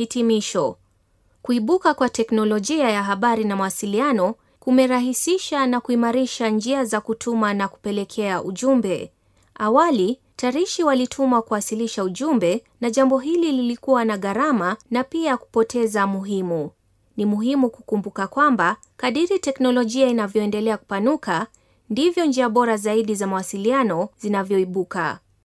Hitimisho. Kuibuka kwa teknolojia ya habari na mawasiliano kumerahisisha na kuimarisha njia za kutuma na kupelekea ujumbe. Awali, tarishi walitumwa kuwasilisha ujumbe na jambo hili lilikuwa na gharama na pia kupoteza muhimu. Ni muhimu kukumbuka kwamba kadiri teknolojia inavyoendelea kupanuka, ndivyo njia bora zaidi za mawasiliano zinavyoibuka.